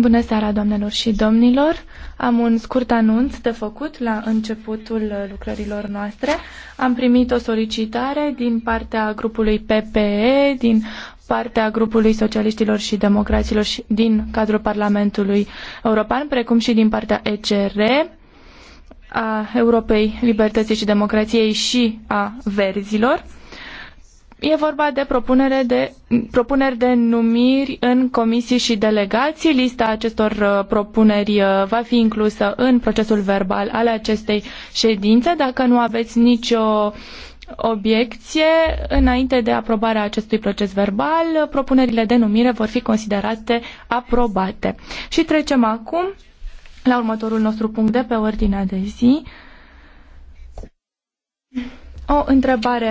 Bună seara, doamnelor și domnilor! Am un scurt anunț de făcut la începutul lucrărilor noastre. Am primit o solicitare din partea grupului PPE, din partea grupului socialiștilor și democraților și din cadrul Parlamentului European, precum și din partea ECR, a Europei Libertății și Democrației și a Verzilor E vorba de, propunere de propuneri de numiri în comisii și delegații. Lista acestor uh, propuneri uh, va fi inclusă în procesul verbal al acestei ședințe. Dacă nu aveți nicio obiecție, înainte de aprobarea acestui proces verbal, propunerile de numire vor fi considerate aprobate. Și trecem acum la următorul nostru punct de pe ordinea de zi. O întrebare